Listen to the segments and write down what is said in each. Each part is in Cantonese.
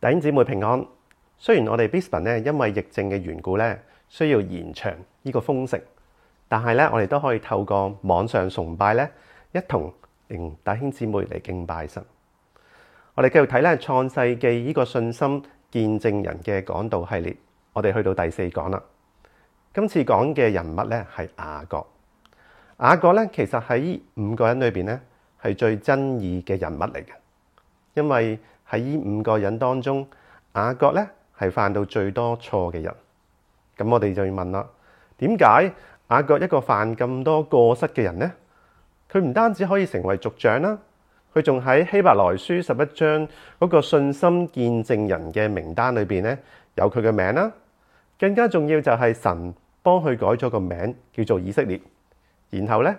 弟兄姊妹平安。雖然我哋 Brisbane 因為疫症嘅緣故咧，需要延長呢個封城，但係咧，我哋都可以透過網上崇拜咧，一同迎弟兄姊妹嚟敬拜神。我哋繼續睇咧創世記呢個信心見證人嘅講道系列，我哋去到第四講啦。今次講嘅人物咧係雅各。雅各咧，其實喺五個人裏邊咧，係最爭議嘅人物嚟嘅，因為，喺呢五個人當中，雅各咧係犯到最多錯嘅人。咁我哋就要問啦：點解雅各一個犯咁多過失嘅人呢？佢唔單止可以成為族長啦，佢仲喺希伯來書十一章嗰個信心見證人嘅名單裏面咧，有佢嘅名啦。更加重要就係神幫佢改咗個名，叫做以色列。然後咧，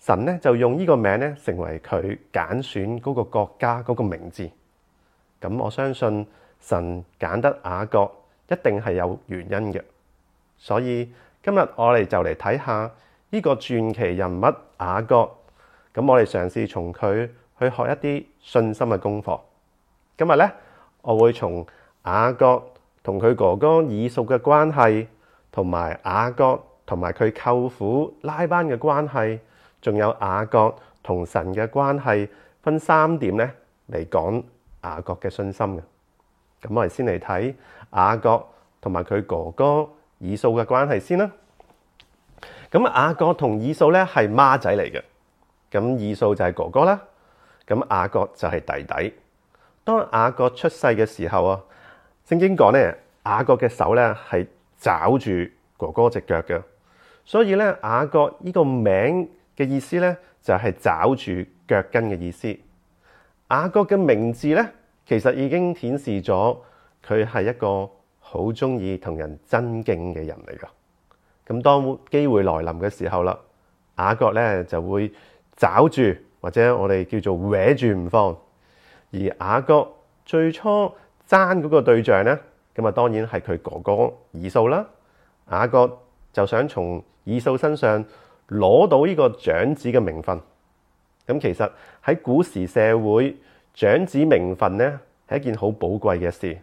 神咧就用呢個名咧成為佢揀選嗰個國家嗰個名字。咁我相信神揀得雅各一定係有原因嘅，所以今日我哋就嚟睇下呢個傳奇人物雅各。咁我哋嘗試從佢去學一啲信心嘅功課。今日咧，我會從雅各同佢哥哥以掃嘅關係，同埋雅各同埋佢舅父拉班嘅關係，仲有雅各同神嘅關係，分三點咧嚟講。雅各嘅信心嘅，咁我哋先嚟睇雅各同埋佢哥哥以掃嘅關係先啦。咁雅各同以掃咧係孖仔嚟嘅，咁以掃就係哥哥啦，咁雅各就係弟弟。當雅各出世嘅時候啊，正經講咧，雅各嘅手咧係抓住哥哥隻腳嘅，所以咧雅各呢個名嘅意思咧就係、是、抓住腳跟嘅意思。雅各嘅名字咧。其實已經顯示咗佢係一個好中意同人爭競嘅人嚟㗎。咁當機會來臨嘅時候啦，雅各咧就會抓住或者我哋叫做搲住唔放。而雅各最初爭嗰個對象呢，咁啊當然係佢哥哥以掃啦。雅各就想從以掃身上攞到呢個長子嘅名分。咁其實喺古時社會，長子名分咧係一件好寶貴嘅事，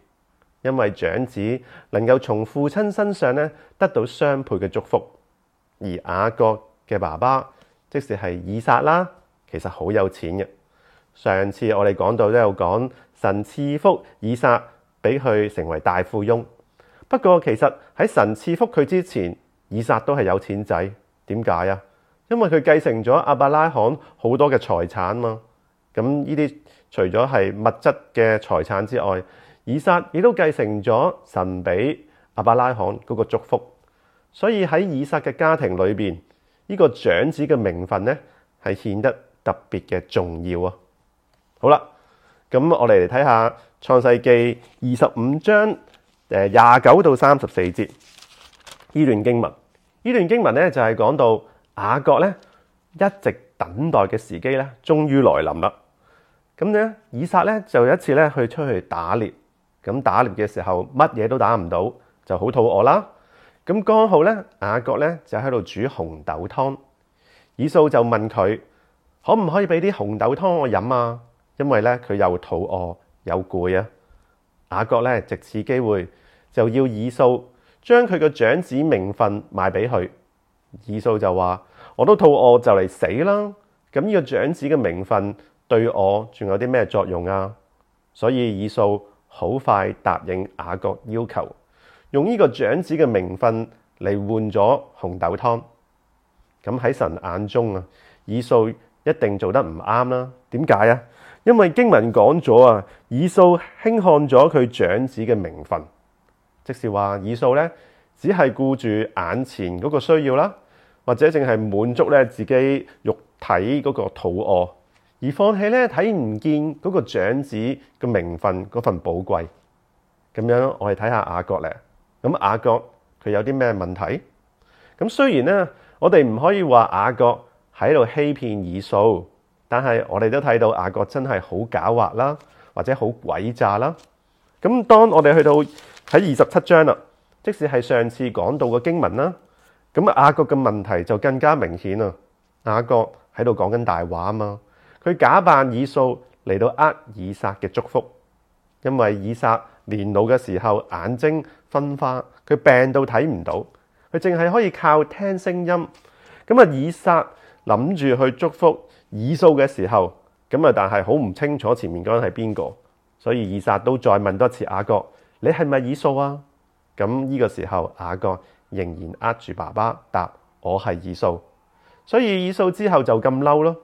因為長子能夠從父親身上咧得到雙倍嘅祝福。而雅各嘅爸爸即使係以撒啦，其實好有錢嘅。上次我哋講到都有講神賜福以撒俾佢成為大富翁。不過其實喺神賜福佢之前，以撒都係有錢仔。點解啊？因為佢繼承咗亞伯拉罕好多嘅財產嘛。咁呢啲。除咗係物質嘅財產之外，以撒亦都繼承咗神俾亞伯拉罕嗰個祝福，所以喺以撒嘅家庭裏邊，呢、這個長子嘅名分咧係顯得特別嘅重要啊。好啦，咁我哋嚟睇下創世記二十五章誒廿九到三十四節呢段經文，呢段經文咧就係、是、講到雅各咧一直等待嘅時機咧，終於來臨啦。咁咧，以撒咧就有一次咧去出去打獵，咁打獵嘅時候乜嘢都打唔到，就好肚餓啦。咁剛好咧，雅各咧就喺度煮紅豆湯，以掃就問佢可唔可以俾啲紅豆湯我飲啊？因為咧佢又肚餓又攰啊。雅各咧藉此機會就要以掃將佢個長子名分賣俾佢。以掃就話：我都肚餓就嚟死啦。咁呢個長子嘅名分，對我仲有啲咩作用啊？所以以素好快答應雅各要求，用呢個長子嘅名分嚟換咗紅豆湯。咁喺神眼中啊，以素一定做得唔啱啦。點解啊？因為經文講咗啊，以素輕看咗佢長子嘅名分，即是話以素呢，只係顧住眼前嗰個需要啦，或者淨係滿足咧自己肉體嗰個肚餓，而放棄咧睇唔見嗰個長子嘅名分嗰份寶貴，咁樣我哋睇下雅各咧。咁雅各佢有啲咩問題？咁雖然咧，我哋唔可以話雅各喺度欺騙以掃，但係我哋都睇到雅各真係好狡猾啦，或者好詭詐啦。咁當我哋去到喺二十七章啦，即使係上次講到嘅經文啦，咁雅各嘅問題就更加明顯啦。雅各喺度講緊大話啊嘛～佢假扮以掃嚟到呃以撒嘅祝福，因為以撒年老嘅時候眼睛昏花，佢病到睇唔到，佢淨係可以靠聽聲音。咁啊，以撒諗住去祝福以掃嘅時候，咁啊，但係好唔清楚前面嗰人係邊個，所以以撒都再問多一次雅各，你係咪以掃啊？咁、這、呢個時候，雅各仍然呃住爸爸答：我係以掃。所以以掃之後就咁嬲咯。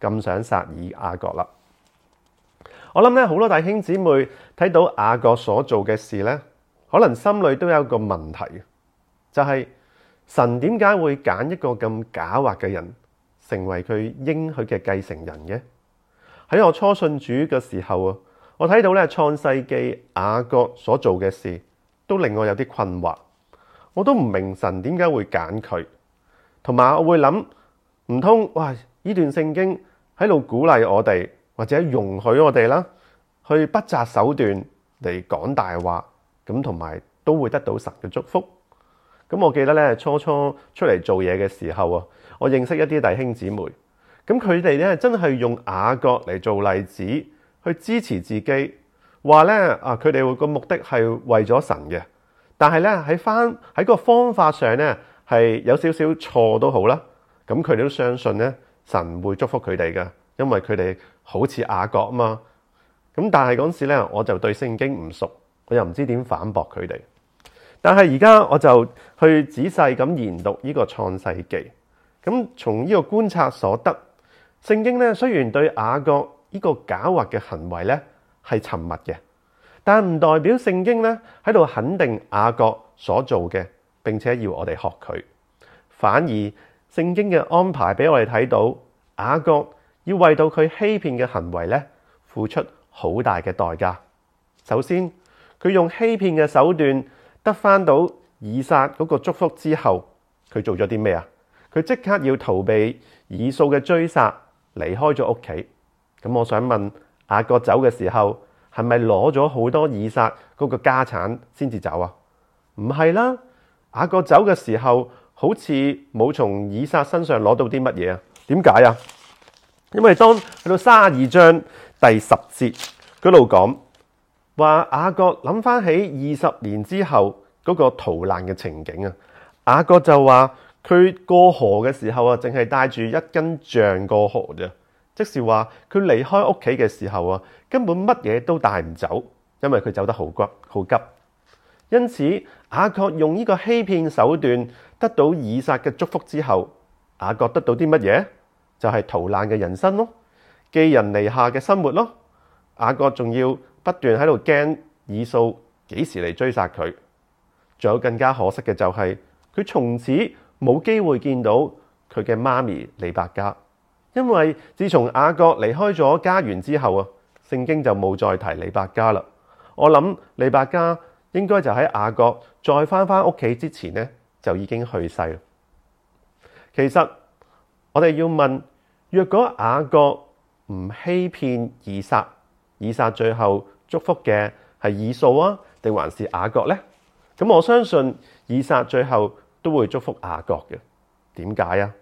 咁想殺爾雅各啦！我諗咧，好多弟兄姊妹睇到雅各所做嘅事呢，可能心裏都有個問題，就係、是、神點解會揀一個咁狡猾嘅人成為佢應許嘅繼承人嘅？喺我初信主嘅時候啊，我睇到咧創世記雅各所做嘅事，都令我有啲困惑，我都唔明神點解會揀佢，同埋我會諗，唔通喂呢段聖經？喺度鼓勵我哋，或者容許我哋啦，去不擇手段嚟講大話，咁同埋都會得到神嘅祝福。咁我記得咧，初初出嚟做嘢嘅時候啊，我認識一啲弟兄姊妹，咁佢哋咧真係用雅各嚟做例子去支持自己，話咧啊，佢哋個目的係為咗神嘅，但係咧喺翻喺個方法上咧係有少少錯都好啦，咁佢哋都相信咧。神會祝福佢哋嘅，因為佢哋好似雅各啊嘛。咁但係嗰時咧，我就對聖經唔熟，我又唔知點反駁佢哋。但係而家我就去仔細咁研讀呢個創世記。咁從呢個觀察所得，聖經咧雖然對雅各呢個狡猾嘅行為咧係沉默嘅，但唔代表聖經咧喺度肯定雅各所做嘅，並且要我哋學佢，反而，聖經嘅安排俾我哋睇到，雅各要為到佢欺騙嘅行為咧，付出好大嘅代價。首先，佢用欺騙嘅手段得翻到以撒嗰個祝福之後，佢做咗啲咩啊？佢即刻要逃避以掃嘅追殺，離開咗屋企。咁我想問，雅各走嘅時候係咪攞咗好多以撒嗰個家產先至走啊？唔係啦，雅各走嘅時候，好似冇從以撒身上攞到啲乜嘢啊？點解啊？因為當去到三十二章第十節，佢度講話雅各諗翻起二十年之後嗰個逃難嘅情景啊，雅各就話佢過河嘅時候啊，淨係帶住一根杖過河啫，即是話佢離開屋企嘅時候啊，根本乜嘢都帶唔走，因為佢走得好急，好急。因此，雅各用呢個欺騙手段得到以撒嘅祝福之後，雅各得到啲乜嘢？就係、是、逃難嘅人生咯，寄人籬下嘅生活咯。雅各仲要不斷喺度驚以掃幾時嚟追殺佢。仲有更加可惜嘅就係、是、佢從此冇機會見到佢嘅媽咪利百加，因為自從雅各離開咗家園之後啊，聖經就冇再提利百加啦。我諗利百加，應該就喺雅各再翻翻屋企之前咧，就已經去世啦。其實我哋要問：若果雅各唔欺騙以撒，以撒最後祝福嘅係以掃啊，定還是雅各呢？咁我相信以撒最後都會祝福雅各嘅。點解啊？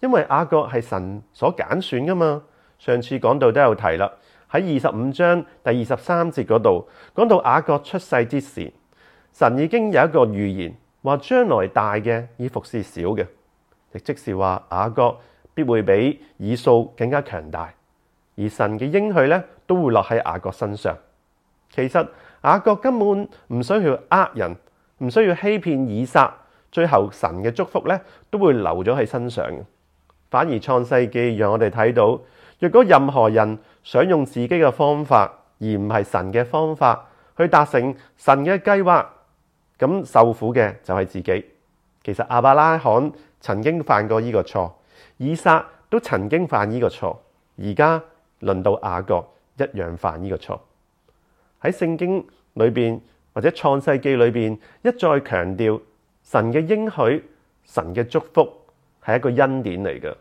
因為雅各係神所揀選㗎嘛。上次講到都有提啦。喺二十五章第二十三節嗰度講到雅各出世之時，神已經有一個預言，話將來大嘅以服是少嘅，亦即是話雅各必會比以掃更加強大，而神嘅應許咧都會落喺雅各身上。其實雅各根本唔需要呃人，唔需要欺騙以撒，最後神嘅祝福咧都會留咗喺身上嘅。反而創世記讓我哋睇到，若果任何人，想用自己嘅方法，而唔係神嘅方法去達成神嘅計劃，咁受苦嘅就係自己。其實亞伯拉罕曾經犯過呢個錯，以撒都曾經犯呢個錯，而家輪到雅各一樣犯呢個錯。喺聖經裏面或者創世記裏面一再強調神嘅應許，神嘅祝福係一個恩典嚟嘅。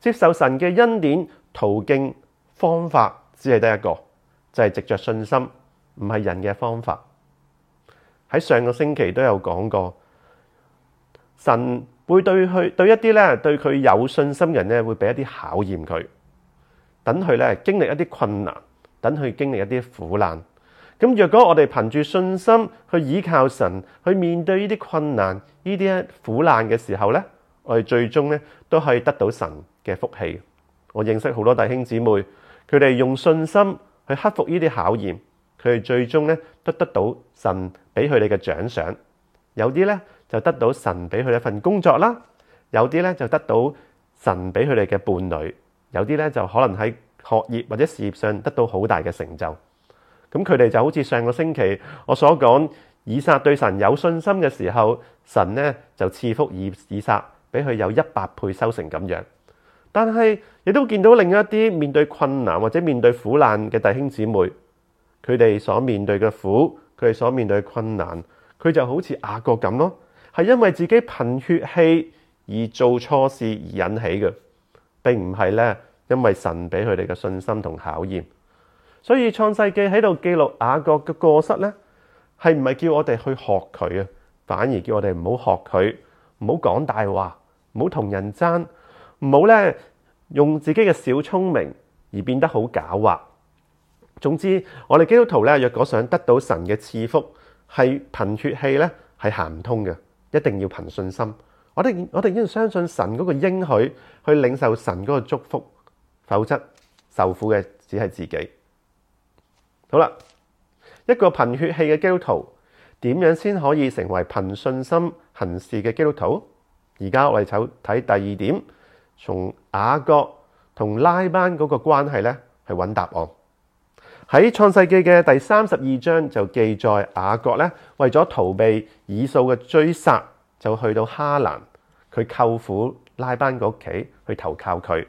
接受神嘅恩典途徑。方法只係得一個，就係、是、藉着信心，唔係人嘅方法。喺上個星期都有講過，神會對佢對一啲咧對佢有信心的人咧，會俾一啲考驗佢，等佢咧經歷一啲困難，等佢經歷一啲苦難。咁若果我哋憑住信心去依靠神，去面對呢啲困難、呢啲苦難嘅時候咧，我哋最終咧都係得到神嘅福氣。我認識好多弟兄姊妹。佢哋用信心去克服呢啲考驗，佢哋最終咧得得到神俾佢哋嘅獎賞。有啲咧就得到神俾佢哋一份工作啦，有啲咧就得到神俾佢哋嘅伴侶，有啲咧就可能喺學業或者事業上得到好大嘅成就。咁佢哋就好似上個星期我所講，以撒對神有信心嘅時候，神咧就賜福以以撒，俾佢有一百倍收成咁樣。但係，亦都見到另一啲面對困難或者面對苦難嘅弟兄姊妹，佢哋所面對嘅苦，佢哋所面對困難，佢就好似雅各咁咯，係因為自己憑血氣而做錯事而引起嘅，並唔係咧因為神俾佢哋嘅信心同考驗。所以創世記喺度記錄雅各嘅過失咧，係唔係叫我哋去學佢啊？反而叫我哋唔好學佢，唔好講大話，唔好同人爭。唔好咧，用自己嘅小聰明而變得好狡猾。總之，我哋基督徒咧，若果想得到神嘅賜福，係憑血氣咧係行唔通嘅，一定要憑信心。我哋我哋相信神嗰個應許，去領受神嗰個祝福，否則受苦嘅只係自己。好啦，一個憑血氣嘅基督徒，點樣先可以成為憑信心行事嘅基督徒？而家我哋就睇第二點。從雅各同拉班嗰個關係咧，去揾答案。喺創世記嘅第三十二章就記載，雅各咧為咗逃避以掃嘅追殺，就去到哈蘭佢舅父拉班嘅屋企去投靠佢。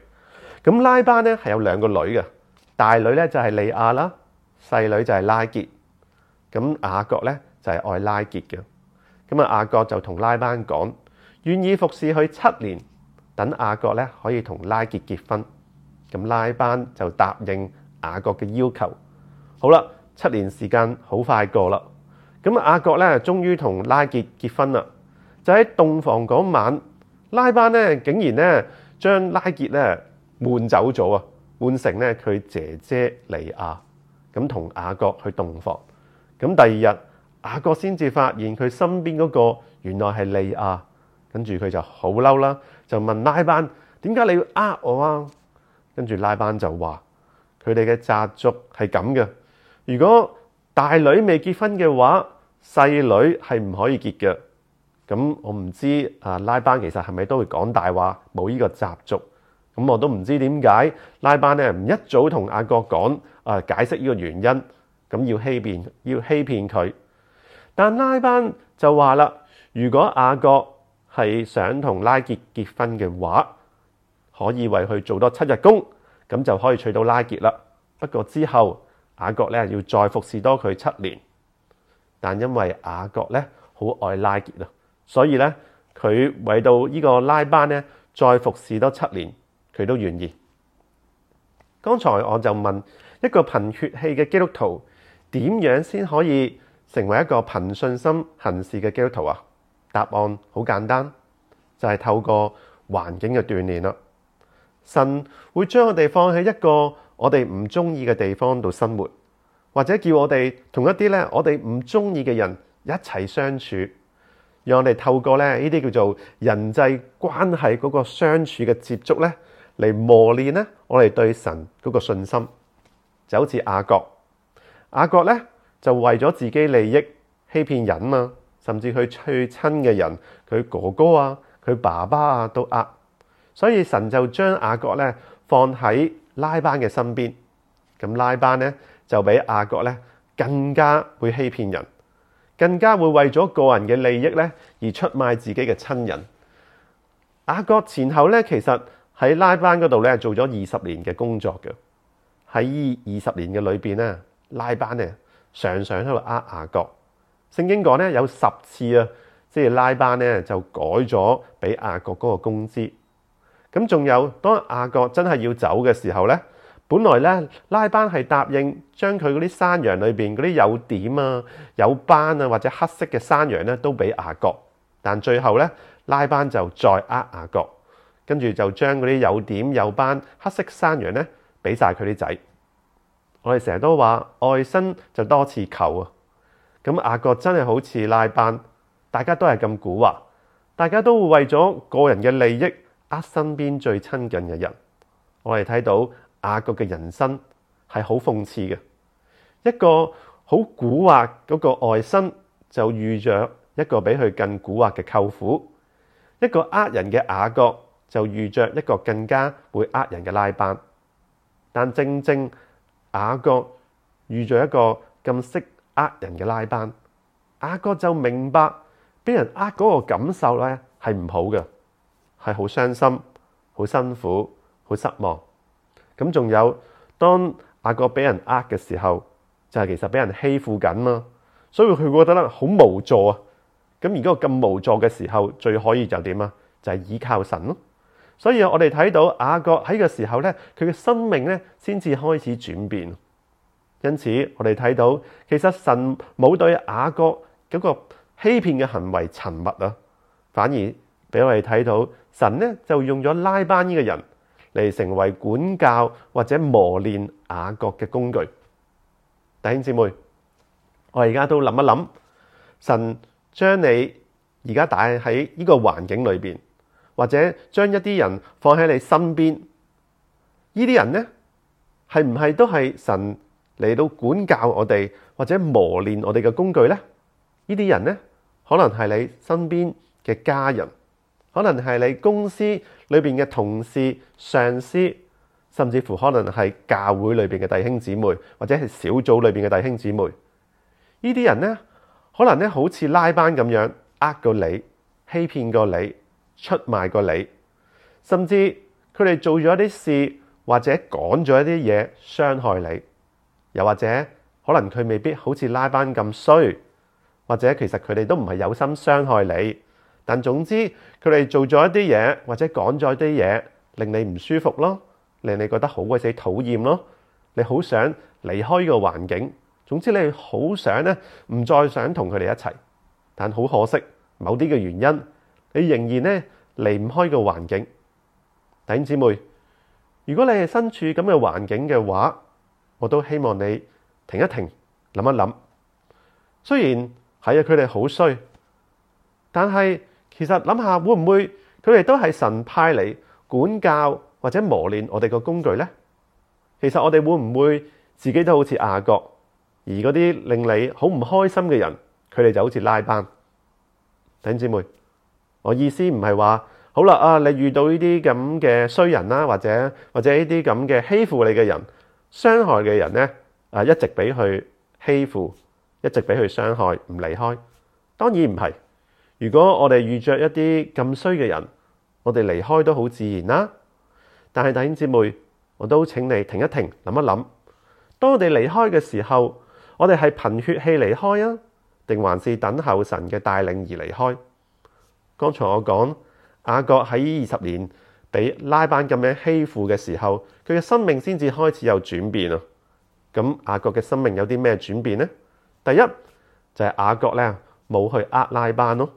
咁拉班咧係有兩個女嘅，大女咧就係利亞啦，細女就係拉結。咁雅各咧就係愛拉結嘅。咁啊雅各就同拉班講，願意服侍佢七年。等雅各咧可以同拉結結婚，咁拉班就答應雅各嘅要求。好啦，七年時間好快過啦，咁雅各咧終於同拉結結婚啦。就喺洞房嗰晚，拉班咧竟然咧將拉結咧換走咗啊，換成咧佢姐姐利亞咁同雅各去洞房。咁第二日雅各先至發現佢身邊嗰個原來係利亞，跟住佢就好嬲啦。就問拉班：點解你要呃我啊？跟住拉班就話：佢哋嘅習俗係咁嘅。如果大女未結婚嘅話，細女係唔可以結嘅。咁我唔知啊，拉班其實係咪都會講大話，冇呢個習俗。咁我都唔知點解拉班咧唔一早同雅各講啊，解釋呢個原因，咁要欺騙，要欺騙佢。但拉班就話啦：如果雅各，係想同拉結結，結婚嘅話，可以為佢做多七日工，咁就可以娶到拉結啦。不過之後，雅各咧要再服侍多佢七年，但因為雅各咧好愛拉結啊，所以咧佢為到呢個拉班咧再服侍多七年，佢都願意。剛才我就問一個憑血氣嘅基督徒，點樣先可以成為一個憑信心行事嘅基督徒啊？答案好簡單，就係、是、透過環境嘅鍛煉啦。神會將我哋放喺一個我哋唔中意嘅地方度生活，或者叫我哋同一啲咧我哋唔中意嘅人一齊相處，讓我哋透過咧呢啲叫做人際關係嗰個相處嘅接觸咧，嚟磨練咧我哋對神嗰個信心。就好似雅各，雅各咧就為咗自己利益欺騙人嘛。甚至佢最親嘅人，佢哥哥啊，佢爸爸啊都呃，所以神就將雅各咧放喺拉班嘅身邊。咁拉班咧就比雅各咧更加會欺騙人，更加會為咗個人嘅利益咧而出賣自己嘅親人。雅各前後咧其實喺拉班嗰度咧做咗二十年嘅工作嘅。喺二十年嘅裏邊咧，拉班咧常常喺度呃雅各。聖經講咧有十次啊，即係拉班咧就改咗俾雅各嗰個工資。咁仲有當雅各真係要走嘅時候咧，本來咧拉班係答應將佢嗰啲山羊裏面嗰啲有點啊、有斑啊或者黑色嘅山羊咧都俾雅各，但最後咧拉班就再呃雅各，跟住就將嗰啲有點有斑黑色山羊咧俾晒佢啲仔。我哋成日都話愛新就多次求啊！咁雅各真係好似拉班，大家都係咁蠱惑，大家都會為咗個人嘅利益呃身邊最親近嘅人。我哋睇到雅各嘅人生係好諷刺嘅，一個好蠱惑嗰個外甥就遇着一個比佢更蠱惑嘅舅父，一個呃人嘅雅各就遇着一個更加會呃人嘅拉班。但正正雅各遇着一個咁識呃人嘅拉班，雅各就明白俾人呃嗰個感受咧，係唔好嘅，係好傷心、好辛苦、好失望。咁仲有當雅各俾人呃嘅時候，就係、是、其實俾人欺負緊啦，所以佢覺得咧好無助啊。咁而嗰個咁無助嘅時候，最可以就點啊？就係、是、倚靠神咯。所以我哋睇到雅各喺個時候咧，佢嘅生命咧先至開始轉變。因此我們看，我哋睇到其實神冇對雅各嗰個欺騙嘅行為沉默啊，反而俾我哋睇到神呢就用咗拉班呢個人嚟成為管教或者磨練雅各嘅工具。弟兄姊妹，我而家都諗一諗，神將你而家帶喺呢個環境裏面，或者將一啲人放喺你身邊，呢啲人呢，係唔係都係神嚟到管教我哋或者磨練我哋嘅工具呢？呢啲人呢，可能係你身邊嘅家人，可能係你公司裏邊嘅同事、上司，甚至乎可能係教會裏邊嘅弟兄姊妹，或者係小組裏邊嘅弟兄姊妹。呢啲人呢，可能咧好似拉班咁樣呃過你、欺騙過你、出賣過你，甚至佢哋做咗一啲事或者講咗一啲嘢傷害你。又或者可能佢未必好似拉班咁衰，或者其實佢哋都唔係有心傷害你，但總之佢哋做咗一啲嘢或者講咗一啲嘢，令你唔舒服咯，令你覺得好鬼死討厭咯，你好想離開個環境，總之你好想咧唔再想同佢哋一齊，但好可惜，某啲嘅原因，你仍然咧離唔開個環境。弟兄姊妹，如果你係身處咁嘅環境嘅話。我都希望你停一停，諗一諗。雖然係啊，佢哋好衰，但係其實諗下，會唔會佢哋都係神派你管教或者磨練我哋個工具呢？其實我哋會唔會自己都好似雅各，而嗰啲令你好唔開心嘅人，佢哋就好似拉班。弟兄姊妹，我意思唔係話好啦啊！你遇到呢啲咁嘅衰人，或者或者呢啲咁嘅欺負你嘅人。傷害嘅人呢，啊，一直俾佢欺負，一直俾佢傷害，唔離開，當然唔係。如果我哋遇著一啲咁衰嘅人，我哋離開都好自然啦。但係弟兄姊妹，我都請你停一停，諗一諗。當我哋離開嘅時候，我哋係憑血氣離開啊，定還是等候神嘅帶領而離開？剛才我講雅各喺二十年，俾拉班咁樣欺負嘅時候，佢嘅生命先至開始有轉變啊。咁雅各嘅生命有啲咩轉變呢？第一就係、是、雅各咧冇去呃拉班咯。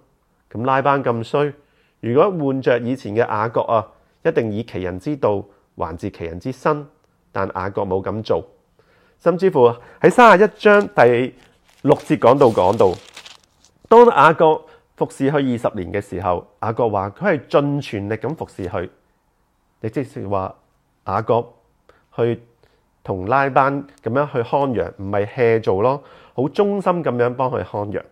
咁拉班咁衰，如果換着以前嘅雅各啊，一定以其人之道還治其人之身，但雅各冇咁做，甚至乎喺三十一章第六節講到講到，當雅各服侍佢二十年嘅時候，雅各話佢係盡全力咁服侍佢。你即是話雅各去同拉班咁樣去看羊，唔係 hea 做咯，好忠心咁樣幫佢看羊。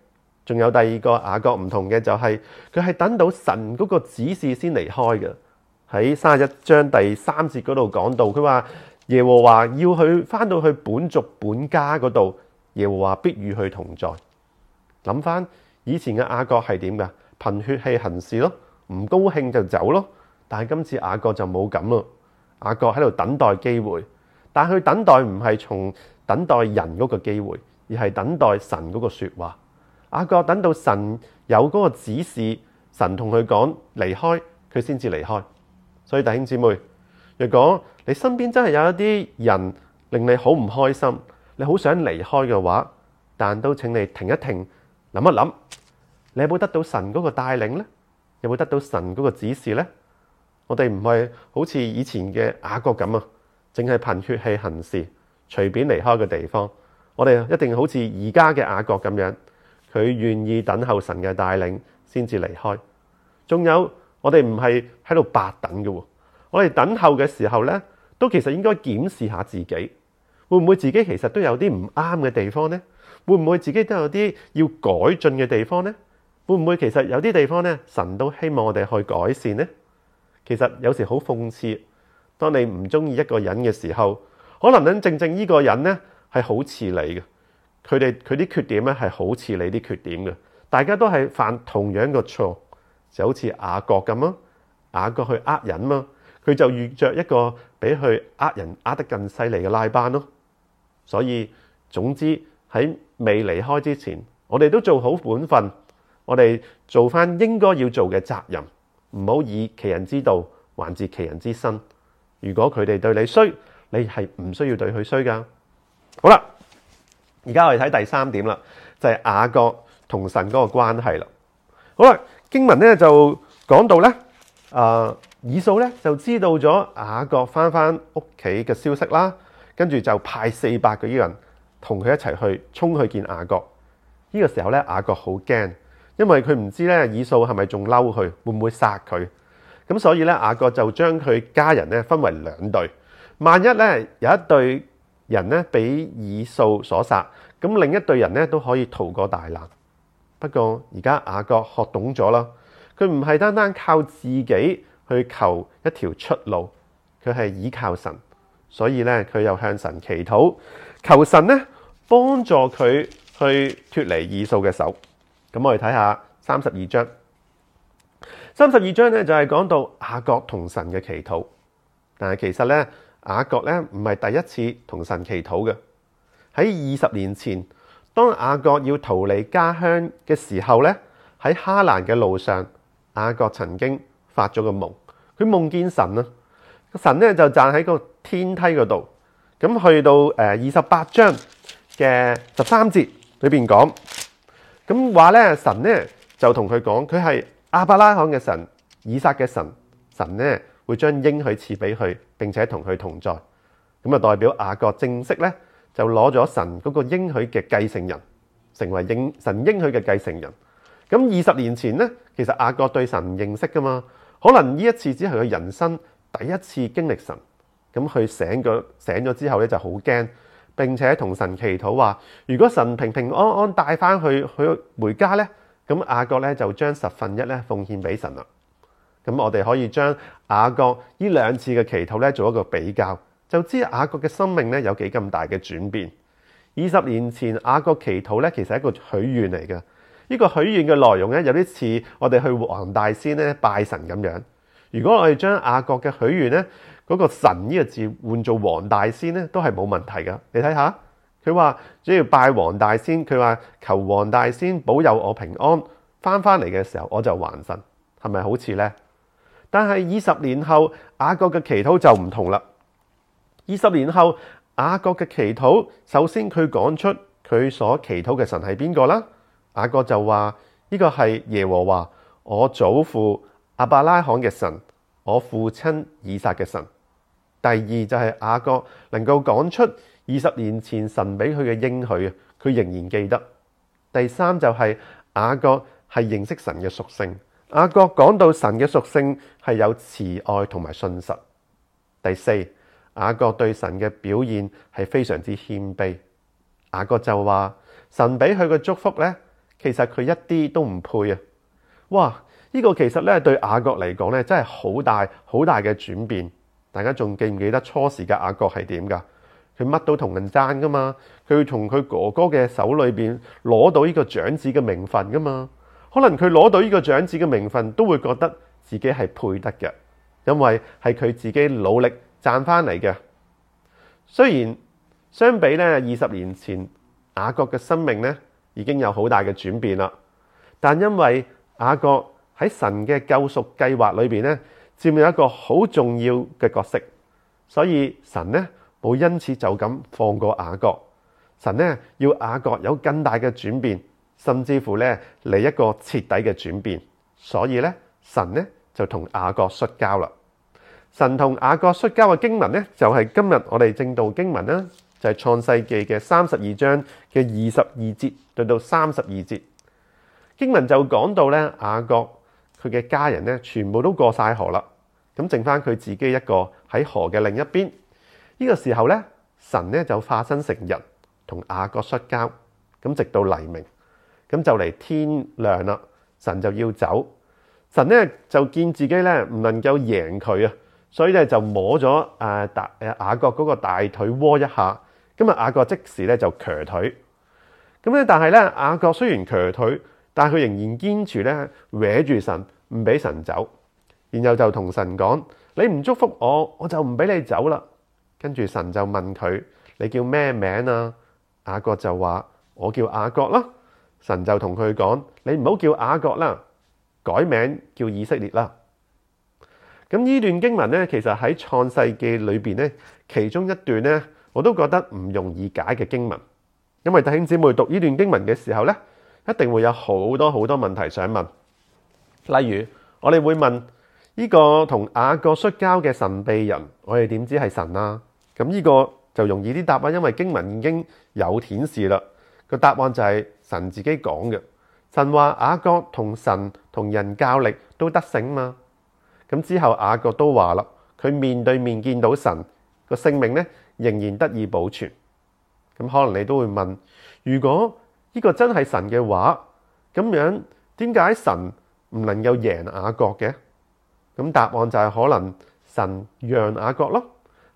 仲有第二個雅各唔同嘅就係佢係等到神嗰個指示先離開嘅。喺三十一章第三節嗰度講到，佢話耶和華要佢翻到去本族本家嗰度，耶和華必與佢同在。諗翻以前嘅雅各係點㗎？憑血氣行事咯，唔高興就走咯。但係今次雅各就冇咁咯。雅各喺度等待機會，但佢等待唔係從等待人嗰個機會，而係等待神嗰個説話。雅各等到神有嗰個指示，神同佢講離開，佢先至離開。所以弟兄姊妹，若果你身邊真係有一啲人令你好唔開心，你好想離開嘅話，但都請你停一停，諗一諗，你有冇得到神嗰個帶領呢？有冇得到神嗰個指示呢？我哋唔係好似以前嘅雅各咁啊，淨係憑血氣行事，隨便離開嘅地方。我哋一定好似而家嘅雅各咁樣，佢願意等候神嘅帶領先至離開。仲有我哋唔係喺度白等嘅喎，我哋等候嘅時候咧，都其實應該檢視下自己，會唔會自己其實都有啲唔啱嘅地方呢？會唔會自己都有啲要改進嘅地方呢？會唔會其實有啲地方咧，神都希望我哋去改善呢？其實有時好諷刺，當你唔中意一個人嘅時候，可能呢正正呢個人呢係好似你嘅，佢哋佢啲缺點呢係好似你啲缺點嘅，大家都係犯同樣嘅錯，就好似雅各咁咯，雅各去呃人嘛，佢就遇着一個比佢呃人呃得更犀利嘅拉班咯。所以總之喺未離開之前，我哋都做好本分，我哋做翻應該要做嘅責任。唔好以其人之道還治其人之身。如果佢哋對你衰，你係唔需要對佢衰㗎。好啦，而家我哋睇第三點啦，就係、是、雅各同神嗰個關係啦。好啦，經文咧就講到咧，啊、呃、以掃咧就知道咗雅各返返屋企嘅消息啦，跟住就派四百個人同佢一齊去衝去見雅各。呢、這個時候咧，雅各好驚。因為佢唔知咧，以掃係咪仲嬲佢，會唔會殺佢？咁所以咧，雅各就將佢家人咧分為兩隊。萬一咧有一隊人咧俾以掃所殺，咁另一隊人咧都可以逃過大難。不過而家雅各學懂咗啦，佢唔係單單靠自己去求一條出路，佢係倚靠神，所以咧佢又向神祈禱，求神咧幫助佢去脫離以掃嘅手。咁我哋睇下三十二章，三十二章咧就係講到雅各同神嘅祈禱。但係其實咧，雅各咧唔係第一次同神祈禱嘅。喺二十年前，當雅各要逃離家鄉嘅時候咧，喺哈蘭嘅路上，雅各曾經發咗個夢。佢夢見神啊，個神咧就站喺個天梯嗰度。咁去到誒二十八章嘅十三節裏邊講。咁話咧，神咧就同佢講，佢係亞伯拉罕嘅神，以撒嘅神，神咧會將應許賜俾佢，並且同佢同在。咁啊，代表雅各正式咧就攞咗神嗰個應許嘅繼承人，成為應神應許嘅繼承人。咁二十年前咧，其實雅各對神認識㗎嘛，可能呢一次只係佢人生第一次經歷神。咁佢醒咗醒咗之後咧，就好驚。並且同神祈禱話，如果神平平安安帶翻去去回家呢，咁雅各咧就將十分一咧奉獻俾神啦。咁我哋可以將雅各呢兩次嘅祈禱咧做一個比較，就知雅各嘅生命咧有幾咁大嘅轉變。二十年前雅各祈禱咧其實係一個許願嚟嘅，呢個許願嘅內容咧有啲似我哋去黃大仙咧拜神咁樣。如果我哋將雅各嘅許願呢……嗰、那個神呢個字換做黃大仙咧，都係冇問題噶。你睇下，佢話只要拜黃大仙，佢話求黃大仙保佑我平安，翻翻嚟嘅時候我就還神，係咪好似呢？但係二十年後，雅各嘅祈禱就唔同啦。二十年後，雅各嘅祈禱，首先佢講出佢所祈禱嘅神係邊個啦，雅各就話：呢個係耶和華，我祖父阿伯拉罕嘅神，我父親以撒嘅神。第二就係雅各能夠講出二十年前神俾佢嘅應許啊，佢仍然記得。第三就係雅各係認識神嘅屬性，雅各講到神嘅屬性係有慈愛同埋信實。第四，雅各對神嘅表現係非常之謙卑。雅各就話神俾佢嘅祝福咧，其實佢一啲都唔配啊！哇，呢個其實咧對雅各嚟講咧，真係好大好大嘅轉變。大家仲記唔記得初時嘅雅各係點噶？佢乜都同人爭噶嘛，佢會從佢哥哥嘅手裏面攞到呢個長子嘅名分噶嘛。可能佢攞到呢個長子嘅名分，都會覺得自己係配得嘅，因為係佢自己努力賺翻嚟嘅。雖然相比咧二十年前雅各嘅生命咧已經有好大嘅轉變啦，但因為雅各喺神嘅救贖計劃裏面咧。佔有一個好重要嘅角色，所以神呢冇因此就咁放過雅各，神呢要雅各有更大嘅轉變，甚至乎呢嚟一個徹底嘅轉變，所以呢神呢就同雅各摔交啦。神同雅各摔交嘅經文呢，就係、是、今日我哋正道經文啦，就係、是、創世記嘅三十二章嘅二十二節對到三十二節，經文就講到呢雅各。佢嘅家人咧，全部都過晒河啦，咁剩翻佢自己一個喺河嘅另一邊。呢個時候咧，神咧就化身成人同雅各摔跤，咁直到黎明，咁就嚟天亮啦。神就要走，神咧就見自己咧唔能夠贏佢啊，所以咧就摸咗誒大誒雅各嗰個大腿窩一下，咁啊雅各即時咧就瘸腿，咁咧但係咧雅各雖然瘸腿，但係佢仍然堅持咧搲住神。唔俾神走，然後就同神講：你唔祝福我，我就唔俾你走啦。跟住神就問佢：你叫咩名啊？雅各就話：我叫雅各啦。神就同佢講：你唔好叫雅各啦，改名叫以色列啦。咁呢段經文呢，其實喺創世記裏邊呢，其中一段呢，我都覺得唔容易解嘅經文，因為弟兄姊妹讀呢段經文嘅時候呢，一定會有好多好多問題想問。例如，我哋會問呢個同雅各摔跤嘅神秘人，我哋點知係神啊？咁呢個就容易啲答案，因為經文已經有顯示啦。個答案就係神自己講嘅。神話雅各同神同人較力都得勝嘛。咁之後雅各都話啦，佢面對面見到神個性命咧，仍然得以保存。咁可能你都會問，如果呢個真係神嘅話，咁樣點解神？唔能夠贏雅各嘅？咁答案就係可能神讓雅各咯，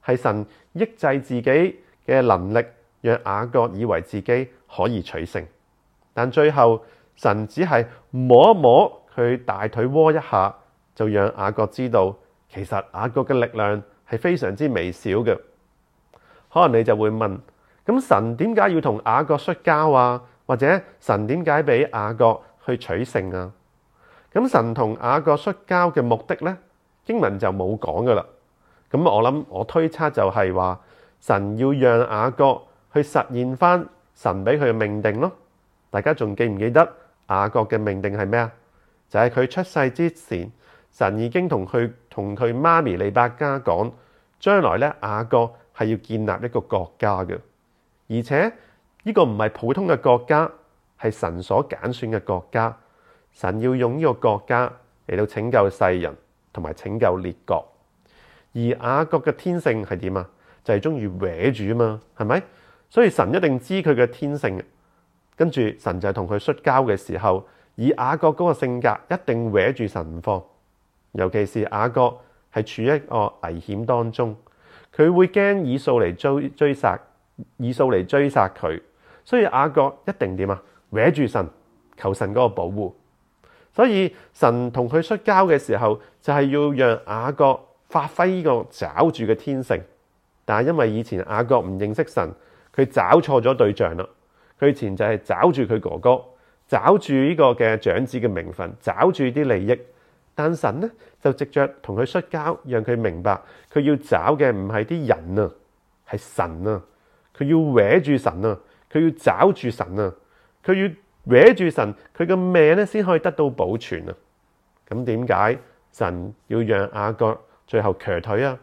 係神抑制自己嘅能力，讓雅各以為自己可以取勝，但最後神只係摸一摸佢大腿窩一下，就讓雅各知道其實雅各嘅力量係非常之微小嘅。可能你就會問：咁神點解要同雅各摔跤啊？或者神點解俾雅各去取勝啊？咁神同雅各摔跤嘅目的呢，經文就冇講㗎喇。咁我諗我推測就係話，神要讓雅各去實現返神俾佢嘅命定囉。大家仲記唔記得雅各嘅命定係咩？就係、是、佢出世之前，神已經同佢同佢媽咪利百加講，將來呢，雅各係要建立一個國家㗎。」而且呢、這個唔係普通嘅國家，係神所揀選嘅國家。神要用呢個國家嚟到拯救世人，同埋拯救列國。而雅各嘅天性係點啊？就係中意搲住啊嘛，係咪？所以神一定知佢嘅天性。跟住神就係同佢摔跤嘅時候，以雅各嗰個性格一定搲住神唔放。尤其是雅各係處於一個危險當中，佢會驚以掃嚟追追殺，以掃嚟追殺佢。所以雅各一定點啊？搲住神求神嗰個保護。所以神同佢摔跤嘅時候，就係、是、要讓雅各發揮呢個找住嘅天性，但係因為以前雅各唔認識神，佢找錯咗對象啦。佢以前就係找住佢哥哥，找住呢個嘅長子嘅名分，找住啲利益。但神呢就藉著同佢摔跤，讓佢明白佢要找嘅唔係啲人啊，係神啊。佢要搲住神啊，佢要找住神啊，佢要、啊。搵住神，佢嘅命咧先可以得到保存啊！咁點解神要讓雅各最後瘸腿啊？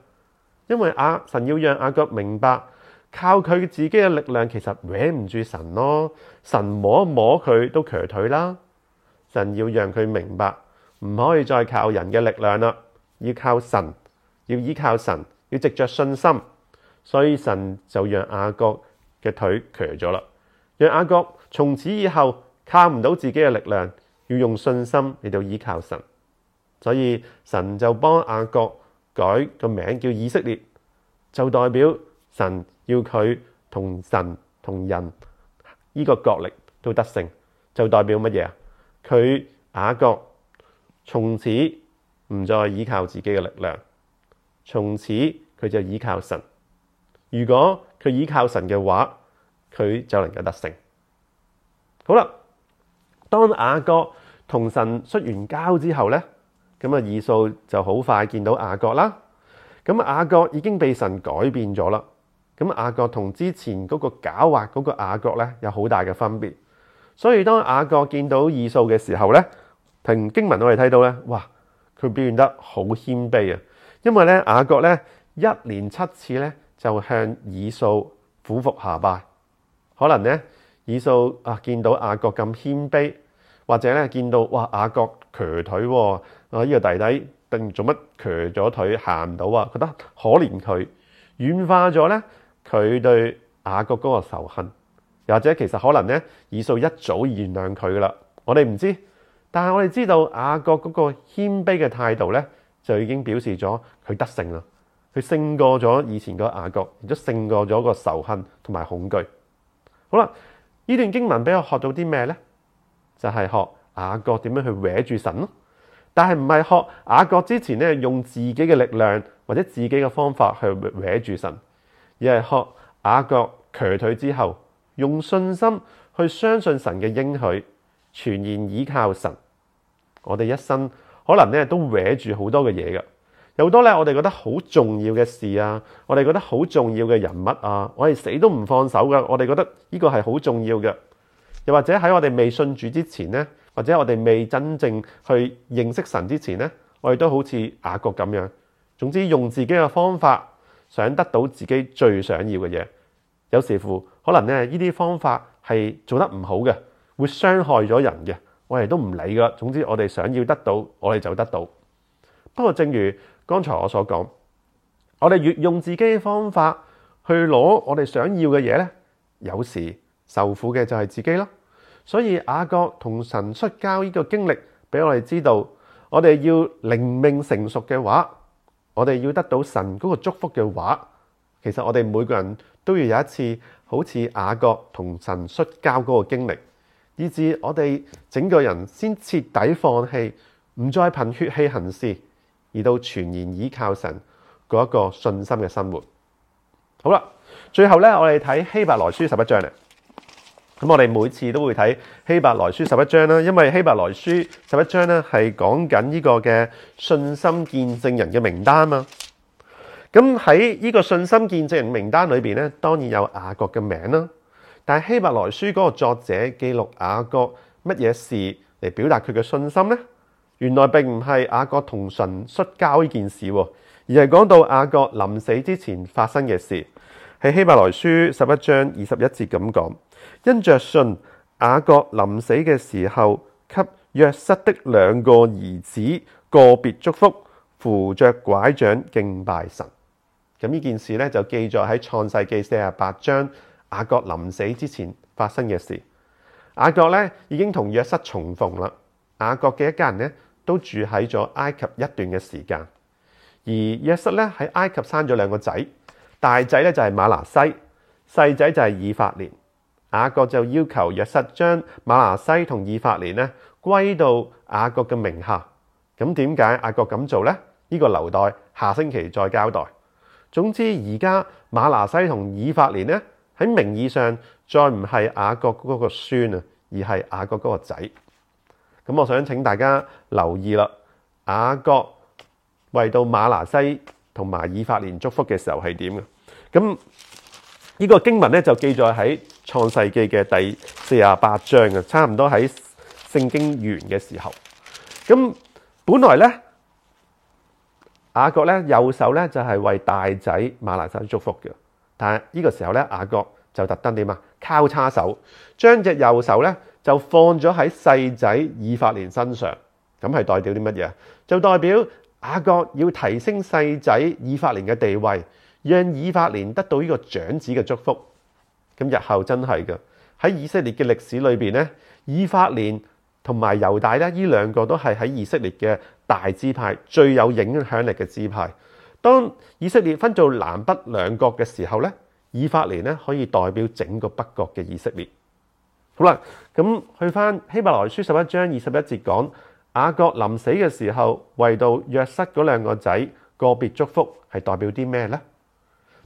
因為阿神要讓雅各明白，靠佢自己嘅力量其實歪唔住神咯，神摸摸佢都瘸腿啦。神要讓佢明白，唔可以再靠人嘅力量啦，要靠神，要依靠神，要藉着信心。所以神就讓雅各嘅腿瘸咗啦，讓雅各從此以後。靠唔到自己嘅力量，要用信心嚟到依靠神，所以神就幫雅各改個名叫以色列，就代表神要佢同神同人這個角力都得勝，就代表乜嘢？佢雅各從此唔再依靠自己嘅力量，從此佢就依靠神。如果佢依靠神嘅話，佢就能夠得勝。好啦。當雅各同神摔完跤之後呢，咁啊以掃就好快見到雅各啦。咁雅各已經被神改變咗啦。咁雅各同之前嗰個狡猾嗰個雅各呢，有好大嘅分別。所以當雅各見到以掃嘅時候呢，憑經文我哋睇到呢，哇！佢表現得好謙卑啊，因為呢，雅各呢，一連七次呢，就向以掃俯伏下拜，可能呢。以掃啊，見到雅各咁謙卑，或者咧見到，哇，雅各瘸腿喎啊，呢、啊呢個弟弟定做乜瘸咗腿行唔到啊？覺得可憐，佢軟化咗咧，佢對雅各嗰個仇恨。又或者其實可能咧，以掃一早原諒佢噶啦。我哋唔知，但係我哋知道雅各嗰個謙卑嘅態度咧，就已經表示咗佢得勝啦。佢勝過咗以前個雅各，亦都勝過咗個仇恨同埋恐懼。好啦。呢段經文俾我學到啲咩呢？就係、是、學雅各點樣去搲住神咯，但係唔係學雅各之前咧用自己嘅力量或者自己嘅方法去搲住神，而係學雅各瘸腿之後用信心去相信神嘅應許，全然倚靠神。我哋一生可能咧都搲住好多嘅嘢噶。有好多呢，我哋覺得好重要嘅事啊，我哋覺得好重要嘅人物啊，我哋死都唔放手噶。我哋覺得呢個係好重要嘅。又或者喺我哋未信主之前呢，或者我哋未真正去認識神之前呢，我哋都好似雅各咁樣。總之用自己嘅方法想得到自己最想要嘅嘢，有時乎可能咧呢啲方法係做得唔好嘅，會傷害咗人嘅。我哋都唔理噶。總之我哋想要得到，我哋就得到。不過正如剛才我所講，我哋越用自己嘅方法去攞我哋想要嘅嘢呢，有時受苦嘅就係自己咯。所以雅各同神摔跤呢個經歷，俾我哋知道，我哋要靈命成熟嘅話，我哋要得到神嗰個祝福嘅話，其實我哋每個人都要有一次好似雅各同神摔跤嗰個經歷，以至我哋整個人先徹底放棄，唔再憑血氣行事。而到全然倚靠神嗰一個信心嘅生活，好啦，最後咧，我哋睇希伯來書十一章咧。咁我哋每次都會睇希伯來書十一章啦，因為希伯來書十一章咧係講緊呢個嘅信心見證人嘅名單啊。咁喺呢個信心見證人名單裏邊咧，當然有雅各嘅名啦。但係希伯來書嗰個作者記錄雅各乜嘢事嚟表達佢嘅信心咧？原來並唔係雅各同神摔跤呢件事喎，而係講到雅各臨死之前發生嘅事，喺希伯來書十一章二十一節咁講。因着信，雅各臨死嘅時候，給約瑟的兩個兒子個別祝福，扶着拐杖敬拜神。咁呢件事咧就記載喺創世記四十八章雅各臨死之前發生嘅事。雅各咧已經同約瑟重逢啦。雅各嘅一家人咧，都住喺咗埃及一段嘅時間，而約瑟咧喺埃及生咗兩個仔，大仔咧就係馬拿西，細仔就係以法蓮。雅各就要求約瑟將馬拿西同以法蓮呢，歸到雅各嘅名下。咁點解雅各咁做呢？呢個留待下星期再交代。總之而家馬拿西同以法蓮呢，喺名義上再唔係雅各嗰個孫啊，而係雅各嗰個仔。咁我想請大家留意啦，雅各為到馬拿西同埋以法蓮祝福嘅時候係點嘅？咁呢個經文咧就記載喺創世記嘅第四十八章啊，差唔多喺聖經完嘅時候。咁本來咧雅各咧右手咧就係為大仔馬拿西祝福嘅，但係呢個時候咧雅各就特登點啊，交叉手，將隻右手咧。就放咗喺細仔以法蓮身上，咁係代表啲乜嘢？就代表雅各要提升細仔以法蓮嘅地位，讓以法蓮得到呢個長子嘅祝福。咁日後真係嘅喺以色列嘅歷史裏面，咧，以法蓮同埋猶大咧，呢兩個都係喺以色列嘅大支派最有影響力嘅支派。當以色列分做南北兩國嘅時候咧，以法蓮咧可以代表整個北國嘅以色列。好啦，咁去翻希伯來書十一章二十一節，講雅各臨死嘅時候為到約瑟嗰兩個仔個別祝福，係代表啲咩呢？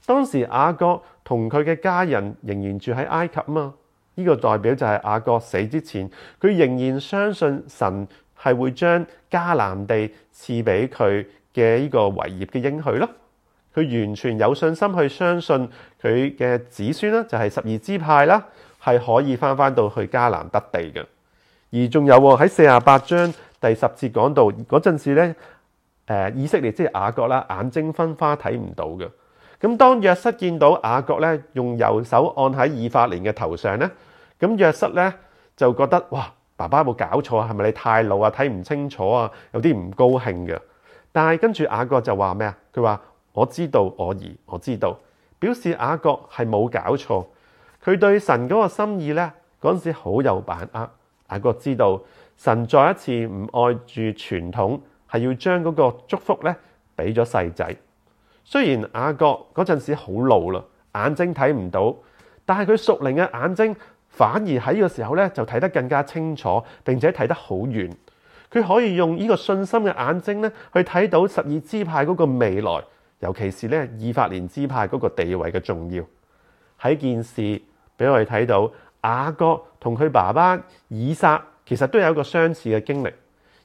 當時雅各同佢嘅家人仍然住喺埃及啊嘛，呢個代表就係雅各死之前佢仍然相信神係會將迦南地賜俾佢嘅呢個遺業嘅應許咯，佢完全有信心去相信佢嘅子孫啦，就係十二支派啦。係可以翻翻到去迦南得地嘅，而仲有喎，喺四十八章第十節講到嗰陣時咧，誒以色列即係雅各啦，眼睛昏花睇唔到嘅。咁當約瑟見到雅各咧，用右手按喺以法蓮嘅頭上咧，咁約瑟咧就覺得哇，爸爸有冇搞錯啊？係咪你太老啊，睇唔清楚啊？有啲唔高興嘅。但係跟住雅各就話咩啊？佢話我知道我而我知道，表示雅各係冇搞錯。佢對神嗰個心意呢，嗰陣時好有把握。雅各知道神再一次唔愛住傳統，係要將嗰個祝福呢俾咗細仔。雖然雅各嗰陣時好老啦，眼睛睇唔到，但係佢屬靈嘅眼睛反而喺呢個時候呢，就睇得更加清楚，並且睇得好遠。佢可以用呢個信心嘅眼睛呢，去睇到十二支派嗰個未來，尤其是呢以法蓮支派嗰個地位嘅重要喺件事。俾我哋睇到雅各同佢爸爸以撒，其實都有一個相似嘅經歷。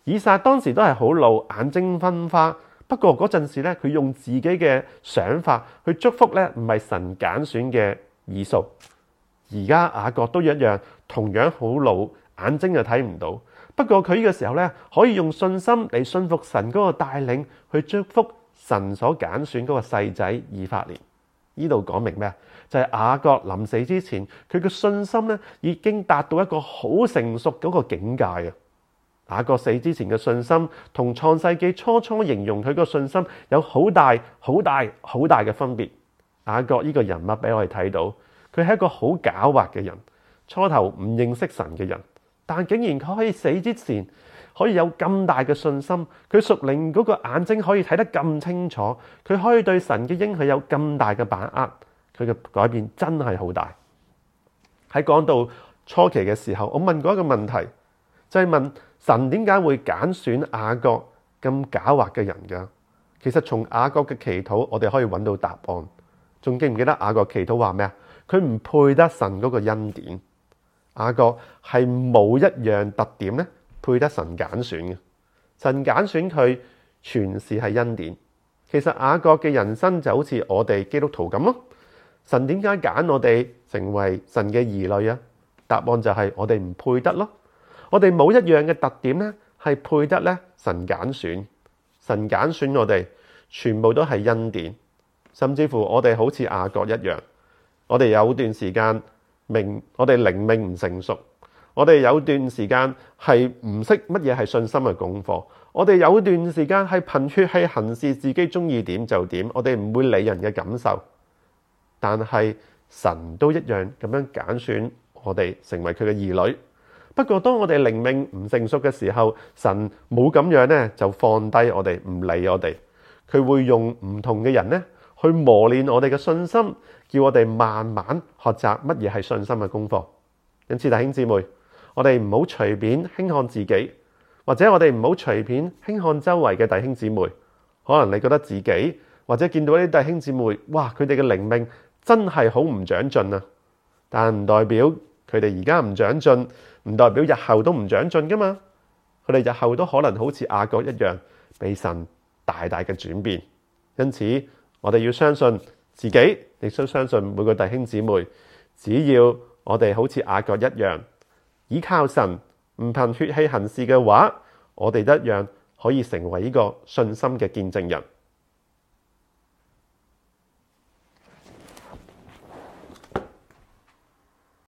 以撒當時都係好老，眼睛昏花。不過嗰陣時咧，佢用自己嘅想法去祝福咧，唔係神揀選嘅以掃。而家雅各都一樣，同樣好老，眼睛就睇唔到。不過佢呢個時候咧，可以用信心嚟信服神嗰個帶領，去祝福神所揀選嗰個細仔以法蓮。呢度講明咩？就係、是、雅各臨死之前，佢嘅信心咧已經達到一個好成熟嗰個境界啊！雅各死之前嘅信心，同創世紀初初形容佢個信心有好大、好大、好大嘅分別。雅各呢個人物俾我哋睇到，佢係一個好狡猾嘅人，初頭唔認識神嘅人，但竟然佢可以死之前可以有咁大嘅信心，佢屬靈嗰個眼睛可以睇得咁清楚，佢可以對神嘅應許有咁大嘅把握。佢嘅改變真係好大。喺講到初期嘅時候，我問過一個問題，就係、是、問神點解會揀選雅各咁狡猾嘅人㗎？其實從雅各嘅祈禱，我哋可以揾到答案。仲記唔記得雅各祈禱話咩啊？佢唔配得神嗰個恩典。雅各係冇一樣特點呢，配得神揀選嘅。神揀選佢全是係恩典。其實雅各嘅人生就好似我哋基督徒咁咯。神點解揀我哋成為神嘅兒女啊？答案就係我哋唔配得咯。我哋冇一樣嘅特點咧，係配得咧神揀選。神揀選我哋，全部都係恩典。甚至乎我哋好似雅各一樣，我哋有段時間，我哋靈命唔成熟。我哋有段時間係唔識乜嘢係信心嘅功課。我哋有段時間係憑血氣行事，自己中意點就點。我哋唔會理人嘅感受。但係神都一樣咁樣揀選我哋成為佢嘅兒女。不過當我哋靈命唔成熟嘅時候，神冇咁樣呢就放低我哋，唔理我哋。佢會用唔同嘅人呢去磨練我哋嘅信心，叫我哋慢慢學習乜嘢係信心嘅功課。因此弟兄姊妹，我哋唔好隨便輕看自己，或者我哋唔好隨便輕看周圍嘅弟兄姊妹。可能你覺得自己，或者見到啲弟兄姊妹，哇，佢哋嘅靈命，真係好唔長進啊！但唔代表佢哋而家唔長進，唔代表日後都唔長進噶嘛？佢哋日後都可能好似雅各一樣，俾神大大嘅轉變。因此，我哋要相信自己，亦都相信每個弟兄姊妹。只要我哋好似雅各一樣，依靠神，唔憑血氣行事嘅話，我哋一樣可以成為一個信心嘅見證人。